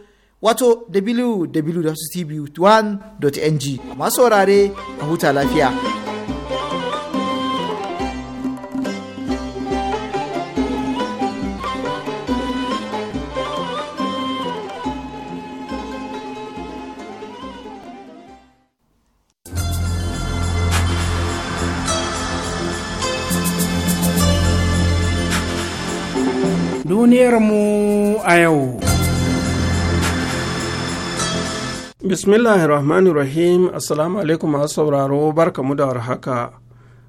wato www.tv1.ng masu saurare a huta lafiya. duniyarmu a yau. Bismillahir Rahmanir Assalamu alaikum masu sauraro barkamu da warhaka.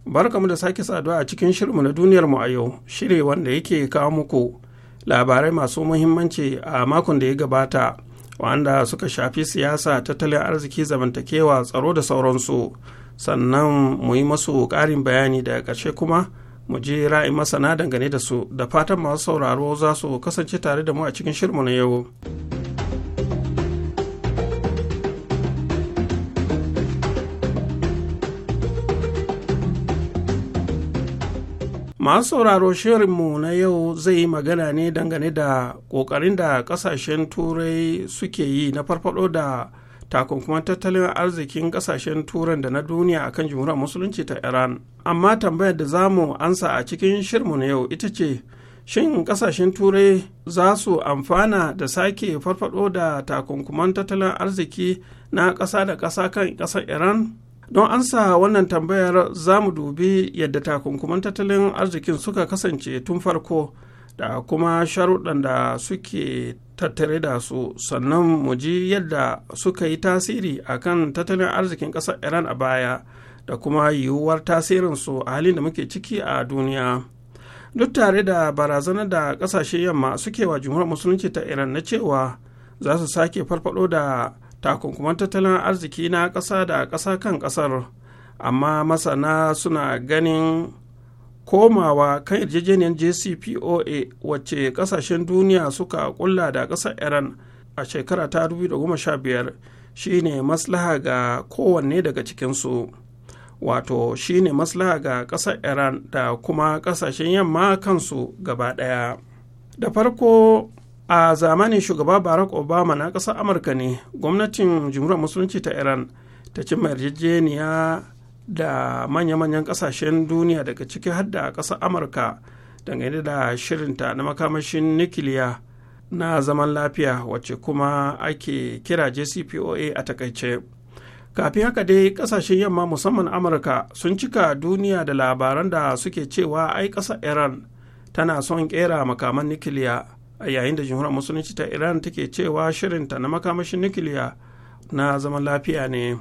Barkamu da sake saduwa a cikin shirinmu na duniyarmu a yau, shiri wanda yake kawo muku labarai masu muhimmanci a makon da ya gabata, wanda suka shafi siyasa, tattalin arziki, zamantakewa, tsaro da sauransu. Sannan mu yi masu ƙarin bayani daga ƙarshe kuma. mu je ra'ayin masana dangane da su da fatan masu sauraro za su kasance tare da mu a cikin shirmu na yau. masu sauraro shirinmu na yau zai yi magana ne dangane da ƙoƙarin da ƙasashen turai suke yi na farfado da takunkuman tattalin arzikin kasashen turan da na duniya akan jumhuriyar musulunci ta iran amma tambayar da zamu ansa a cikin shirmu na yau ita ce shin kasashen turai za su amfana da sake farfado da takunkuman tattalin arziki na ƙasa da ƙasa kan ƙasar iran don ansa wannan tambayar za mu dubi yadda takunkuman tattalin arzikin suka kasance tun farko da kuma sharuɗan da suke tattare da su sannan mu ji yadda suka yi tasiri a kan tattalin arzikin ƙasar iran a baya da kuma yiwuwar tasirinsu a halin da muke ciki a duniya duk tare da barazanar da ƙasashe yamma suke wa jumhuriyar musulunci ta iran na cewa za su sake farfado da takunkuman tattalin arziki na ƙasa da ƙasa kan ƙasar amma masana suna ganin komawa kan yarjejeniyar jcpoa wacce kasashen duniya suka kulla da kasar iran a shekara ta 2015 shine maslaha ga kowanne daga cikinsu wato shine maslaha ga kasar iran da kuma kasashen yamma kansu gaba daya da farko a zamanin shugaba barack obama na kasar amurka ne gwamnatin jimhuriyar musulunci ta iran ta cimma yarjejeniya da manya-manyan kasashen duniya daga ciki har da ƙasar amurka dangane da shirinta na makamashin nukiliya na zaman lafiya wacce kuma ake kira jcpoa a takaice kafin haka dai kasashen yamma musamman amurka sun cika duniya da labaran da suke cewa ai ƙasar iran tana son kera makaman nukiliya a yayin da jamhuriyar musulunci ta iran take cewa shirinta na makamashin nukiliya na zaman lafiya ne.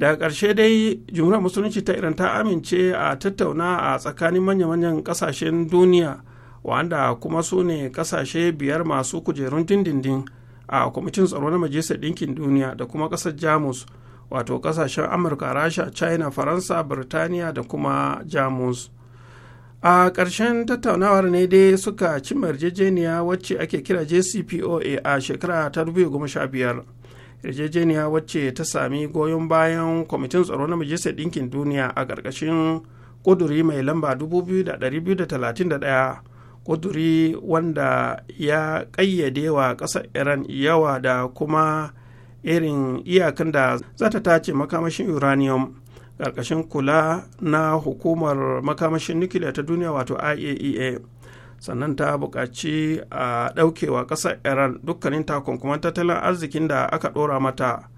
daga ƙarshe dai jumhuriyar musulunci ta iran ta amince a tattauna a tsakanin manya-manyan ƙasashen duniya wanda kuma su ne ƙasashe biyar masu kujerun dindindin a kwamitin tsaro na majalisar ɗinkin duniya da kuma ƙasar jamus wato ƙasashen amurka rasha china faransa birtaniya da kuma jamus a ƙarshen tattaunawar ne dai suka cimma yarjejeniya wacce ake kira jcpoa a shekara ta 2015 yarjejeniya wacce ta sami goyon bayan kwamitin tsaro na majalisar ɗinkin duniya a ƙarƙashin ƙuduri mai lamba 2231 ƙuduri wanda ya ƙayyade wa ƙasar iran yawa da kuma irin iyakan da za ta tace makamashin uranium ƙarƙashin kula na hukumar makamashin nukiliya ta duniya wato iaea e sannan ta buƙaci a ɗaukewa ƙasar iran dukkanin takunkuman tattalin arzikin da aka ɗora mata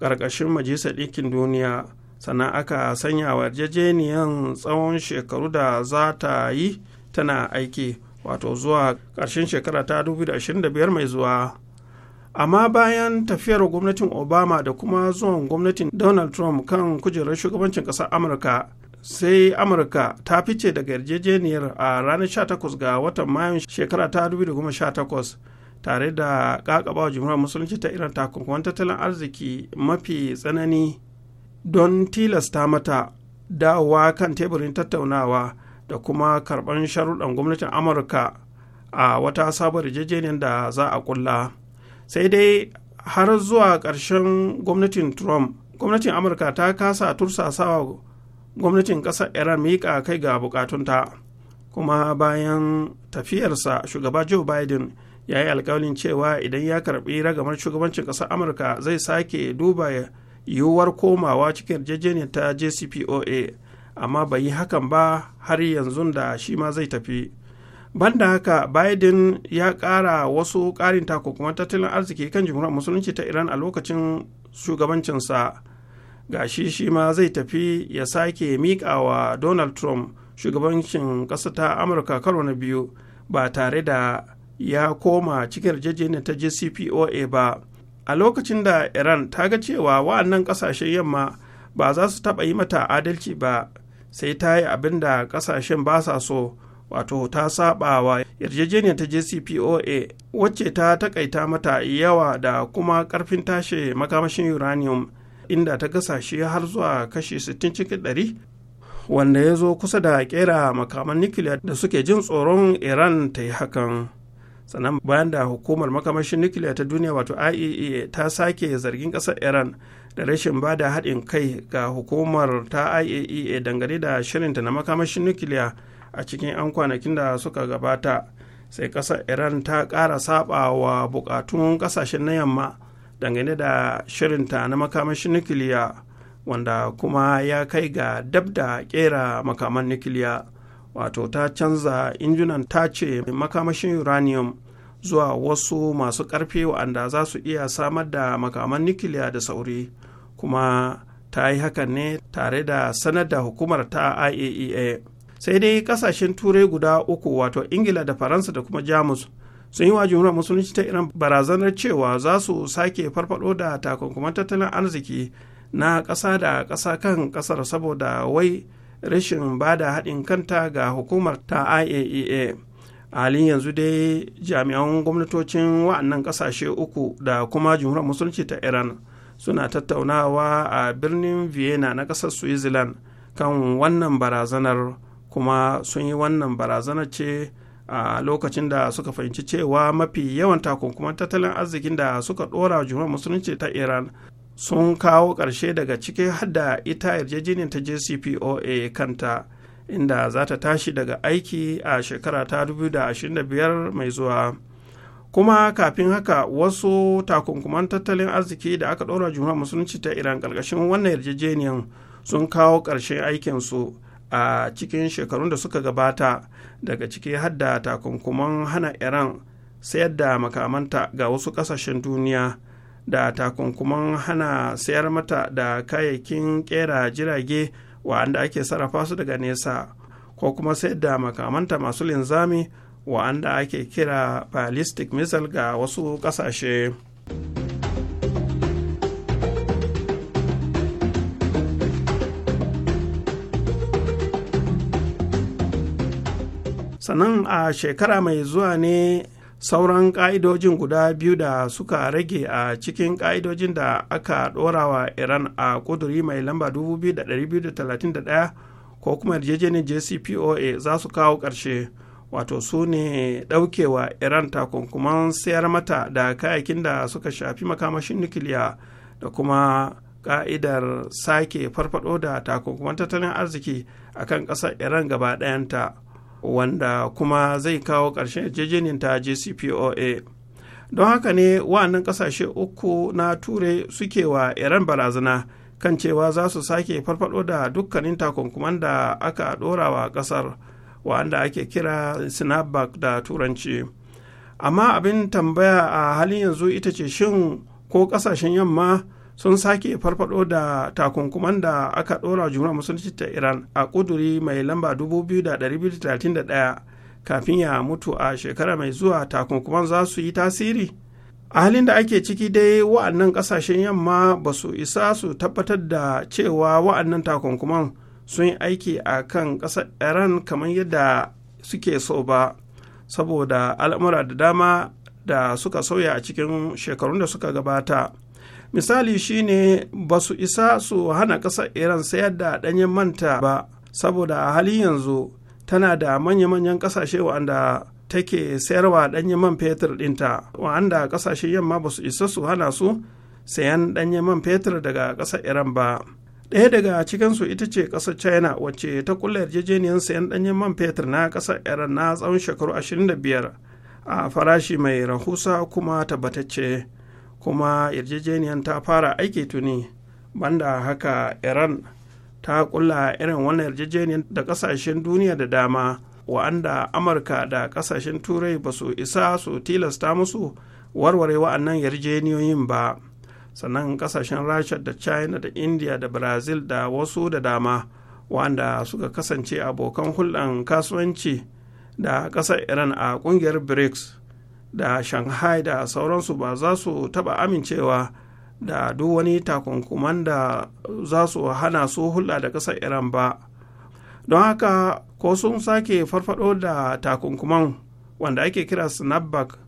ƙarƙashin majalisar ɗinkin duniya sannan aka sanya wa yarjejeniyan tsawon shekaru da za ta yi tana aiki wato zuwa ƙarshen shekara ta 2025 mai zuwa amma bayan tafiyar gwamnatin obama da kuma zuwan gwamnatin donald trump kan kujerar shugabancin ƙasar amurka sai amurka ta fice daga yarjejeniyar a ranar 18 ga watan mayun shekara ta 2018 tare da kakaba wa musulunci ta iran takunkuwan tattalin arziki mafi tsanani don tilasta mata dawowa kan teburin tattaunawa da kuma karban sharuɗan gwamnatin amurka a wata sabon yarjejeniyar da za a kulla sai dai har zuwa ƙarshen gwamnatin trump gwamnatin amurka ta kasa tursasawa gwamnatin kasar iran miƙa kai ga bukatunta kuma bayan tafiyarsa shugaba joe biden ya yi alkawalin cewa idan ya karbi ragamar shugabancin ƙasar amurka zai sake duba yiwuwar komawa cikin yarjejeniyar ta jcpoa amma bai yi hakan ba har yanzu da shi ma zai tafi banda haka biden ya kara wasu ƙarin takunkuman tattalin arziki kan jimhuriyar musulunci ta iran a lokacin shugabancinsa gashi shi ma zai tafi ya sake miƙawa donald trump shugabancin ƙasa ta amurka karo na biyu ba tare da ya koma cikin yarjejeniyar ta jcpoa ba a lokacin da iran ta ga cewa wa'annan ƙasashen yamma ba za su taɓa yi mata adalci ba sai ta yi abin da ƙasashen ba sa so wato ta saba wa yarjejeniyar ta jcpoa wacce ta taƙaita mata yawa da kuma ƙarfin tashe makamashin uranium inda ta gasashe har zuwa kashi 60 cikin 100 wanda ya zo kusa da kera makaman nukiliya da suke jin tsoron iran ta yi hakan sannan bayan da hukumar makamashin nukiliya ta duniya wato iaea e, ta sake zargin kasar iran da rashin ba da haɗin kai ga hukumar ta iaea e dangane da shirinta na makamashin nukiliya a cikin 'yan kwanakin da suka gabata sai kasar iran ta ƙara saba wa buƙatun ƙasashen na yamma dangane da shirinta na makamashin nukiliya wanda kuma ya kai ga dab da kera makaman nukiliya wato ta canza injunan tace makamashin uranium zuwa wasu masu ƙarfi wa'anda za su iya samar da makaman nukiliya da sauri kuma ta yi hakan ne tare da sanar da hukumar ta iaea e sai dai kasashen turai guda uku wato ingila da faransa da kuma jamus sun yi wa jumhuriyar musulunci ta iran barazanar cewa za su sake farfado da takunkuman tattalin arziki na ƙasa da ƙasa kan ƙasar saboda wai rashin ba da haɗin kanta ga hukumar ta iaea e a halin yanzu dai jami'an gwamnatocin wa'annan ƙasashe uku da kuma jumhuriyar musulunci ta iran suna tattaunawa a birnin vienna na ƙasar switzerland kan wannan barazanar kuma sun yi wannan barazanar ce a lokacin da suka fahimci cewa mafi yawan takunkuman tattalin arzikin da suka dora jihar musulunci ta iran sun kawo ƙarshe daga cikin hadda ita yarjejeniyar ta jcpoa kanta inda za ta tashi daga aiki a shekara ta 2025 mai zuwa kuma kafin haka wasu takunkuman tattalin arziki da aka ɗora jihar musulunci ta iran ƙarƙashin wannan yarjejeniyar sun kawo ƙarshen aikinsu a cikin shekarun da suka gabata daga ciki hadda takunkuman hana iran sayar da makamanta ga wasu kasashen duniya da takunkuman hana sayar mata da kayayyakin kera jirage wa'anda ake sarrafa su daga nesa ko kuma sayar da makamanta masu linzami wa'anda ake kira ballistic missile ga wasu kasashe. sannan a shekara mai zuwa ne sauran ƙa'idojin guda biyu da suka rage a cikin ƙa'idojin da aka ɗora wa iran a ƙuduri mai lamba 2231 ko kuma yarjejeniyar jcpoa za su kawo ƙarshe wato su ne ɗaukewa iran takunkuman sayar mata da kayakin da suka shafi makamashin nukiliya da kuma ƙa'idar sake farfado da takunkuman tattalin arziki akan ƙasar iran gaba ɗayanta. wanda kuma zai kawo ƙarshen yarjejeniyar ta jcpoa don haka ne wa'annan ƙasashe uku na turai suke wa iran barazana kan cewa za su sake farfado da dukkanin takunkuman da aka ɗora wa ƙasar wa'anda ake kira snapback da turanci amma abin tambaya a halin yanzu ita ce shin ko ƙasashen yamma sun sake farfado da takunkuman da aka ɗora juna musulunci ta iran a kuduri mai lamba 2231 kafin ya mutu a shekara mai zuwa takunkuman za su yi tasiri a halin da ake ciki dai wa'annan ƙasashen yamma ba su isa su tabbatar da cewa wa'annan takunkuman sun yi aiki a kan ƙasar iran kamar yadda suke so ba saboda al'amura da dama da suka sauya a cikin shekarun da suka gabata. misali shine ba su isa su hana ƙasar iran sayar da ɗanyen manta ba saboda a halin yanzu tana da manya-manyan ƙasashe wa'anda take sayarwa ɗanyen man fetur ɗinta wa'anda ƙasashe yamma ba su isa su hana su sayan ɗanyen man fetur daga ƙasar iran ba ɗaya daga cikinsu ita ce ƙasar china wacce ta kula yarjejeniyar sayan ɗanyen man fetur na ƙasar iran na tsawon shekaru 25 a farashi mai rahusa kuma tabbatacce kuma yarjejeniyar ta fara aiki tuni banda haka iran ta kulla irin wannan yarjejeniyar da kasashen duniya da dama wa'anda amurka da kasashen turai ba su isa su tilasta musu warware wa'annan yarjejeniyoyin ba sannan kasashen rasha da china da india da brazil da wasu da dama wa'anda suka kasance abokan hulɗan kasuwanci da ƙasar iran a ƙungiyar brics da shanghai da sauransu ba za su taɓa amincewa da duk wani takunkuman da za su hana su hulɗa da ƙasar iran ba don haka ko sun sake farfado da takunkuman wanda ake kira snapback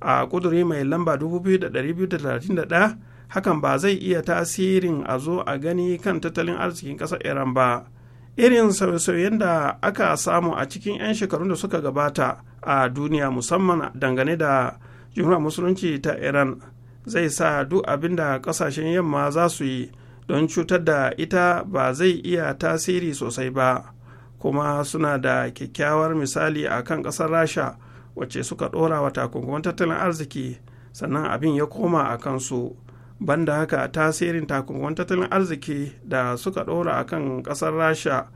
a kuduri mai lamba 2231 hakan ba zai iya tasirin a zo a gani kan tattalin arzikin ƙasar iran ba irin sauye-sauyen da aka samu a cikin 'yan shekarun da suka gabata a duniya musamman dangane da jumhuriyar musulunci ta iran zai sa duk abin da kasashen yamma za su yi don cutar da ita ba zai iya tasiri sosai ba kuma suna da kyakkyawar misali a kan kasar rasha wacce suka ɗora wa takunkuman tattalin arziki sannan abin ya koma a kansu banda haka tasirin takunkuman tattalin arziki da suka ɗora a kan ƙasar rasha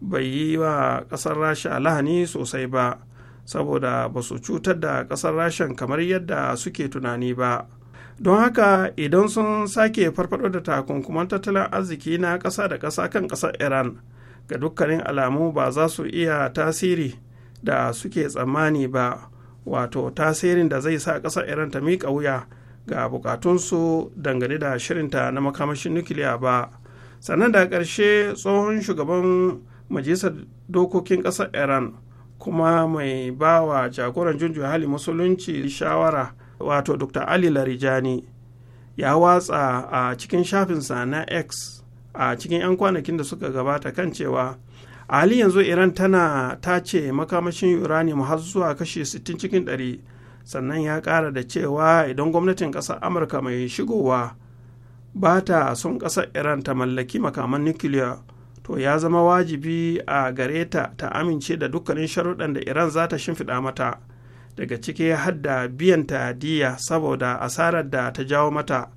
bai yi wa ƙasar rasha lahani sosai ba saboda ba su cutar da ƙasar rashan kamar yadda suke tunani ba don haka idan sun sake farfado da takunkuman tattalin arziki na ƙasa da ƙasa kan ƙasar iran ga dukkanin alamu ba za su iya tasiri da suke tsammani ba wato tasirin da zai sa ƙasar iran ta miƙa wuya ga bukatunsu dangane da shirinta na makamashin nukiliya ba sannan da ƙarshe tsohon shugaban majalisar dokokin ƙasar iran kuma mai ba wa jagoran junju hali musulunci shawara wato dr ali larijani ya watsa a cikin shafinsa na x a cikin 'yan kwanakin da suka gabata kan cewa a halin yanzu iran tana tace makamashin uranium har zuwa kashi 60 cikin 100 sannan ya kara da cewa idan gwamnatin ƙasar amurka mai shigowa ba ta son ƙasar iran ta mallaki makaman nukiliya to ya zama wajibi a gare ta ta amince da dukkanin sharuɗan da iran za ta shimfiɗa mata daga ciki hadda biyan ta diya saboda asarar da ta jawo mata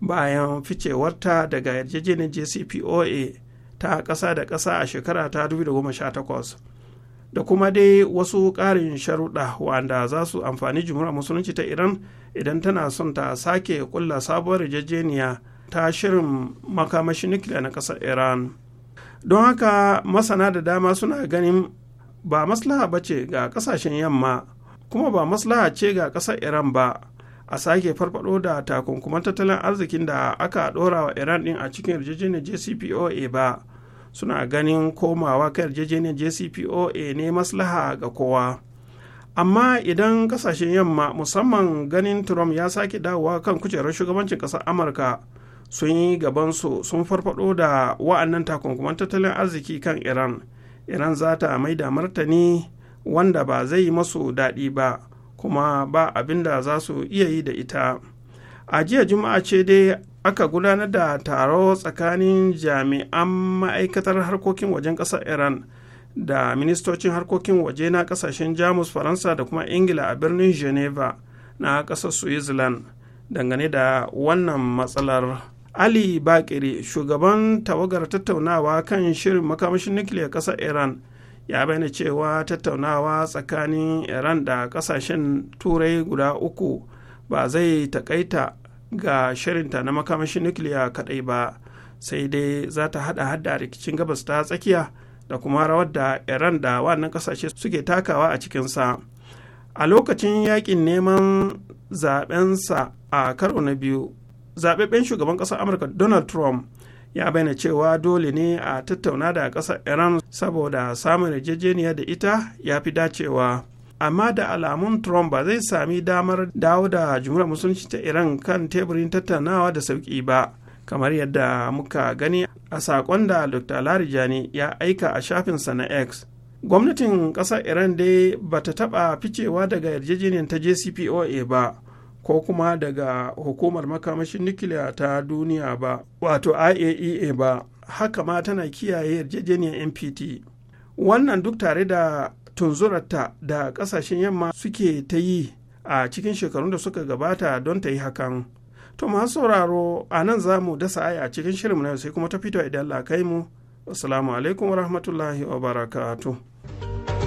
bayan ficewarta daga yarjejeniyar jcpoa ta ƙasa da ƙasa a shekara ta 2018 da kuma dai wasu ƙarin sharuɗa wanda za su amfani jumhuriyar musulunci ta iran idan tana son ta sake kulla sabuwar yarjejeniya ta shirin makamashi nukiliya na ƙasar iran don haka masana da dama suna ganin ba maslaha ba ce ga ƙasashen yamma kuma ba maslaha ce ga ƙasar iran ba a sake farfado da takunkuman tattalin arzikin da aka ɗora wa iran ɗin a cikin yarjejeniyar jcpoa ba suna ganin komawa kan yarjejeniyar jcpoa ne maslaha ga kowa amma idan kasashen yamma musamman ganin trump ya sake dawowa kan kujerar shugabancin ƙasar amurka sun yi gabansu sun farfado da wa'annan takunkuman tattalin arziki kan iran iran za ta mai da martani wanda ba zai yi masu daɗi ba kuma ba abin da za su iya yi da ita a jiya juma'a ce dai aka gudanar da taro tsakanin jami'an ma'aikatar harkokin wajen ƙasar iran da ministocin harkokin waje na ƙasashen jamus faransa da kuma ingila a birnin geneva na ƙasar switzerland dangane da wannan matsalar ali bakiri shugaban tawagar tattaunawa kan shirin makamashin nukiliyar ƙasar iran ya bayyana cewa tattaunawa tsakanin iran da ƙasashen turai guda uku ba zai takaita ga shirinta na makamashin nukiliya kadai ba sai dai za ta hada hada rikicin gabas ta tsakiya da kuma rawar da iran da wannan kasashe suke takawa a cikinsa a lokacin yakin neman zaɓensa a karo na biyu zaɓaɓɓen shugaban ƙasar amurka donald trump ya bayyana cewa dole ne a tattauna da ƙasar iran saboda samun yarjejeniya da ita ya fi dacewa amma da alamun trump ba zai sami damar dawo da jumhuriyar musulunci ta iran kan teburin tattaunawa da sauki ba kamar yadda muka gani a sakon da dr larijani ya aika a shafinsa na x gwamnatin ƙasar iran dai ba ta taɓa ficewa daga yarjejeniyar ta jcpoa ba ko kuma daga hukumar makamashin nukiliya ta duniya ba wato iaea e ba haka ma tana kiyaye yarjejeniyar npt wannan duk tare da tunzurarta da ƙasashen yamma suke ta yi a cikin shekarun da suka gabata don ta yi hakan to masu sauraro a nan za mu dasa aya a cikin shirin na sai kuma ta fito idan la kai mu assalamu alaikum warahmatullahi wabarakatuh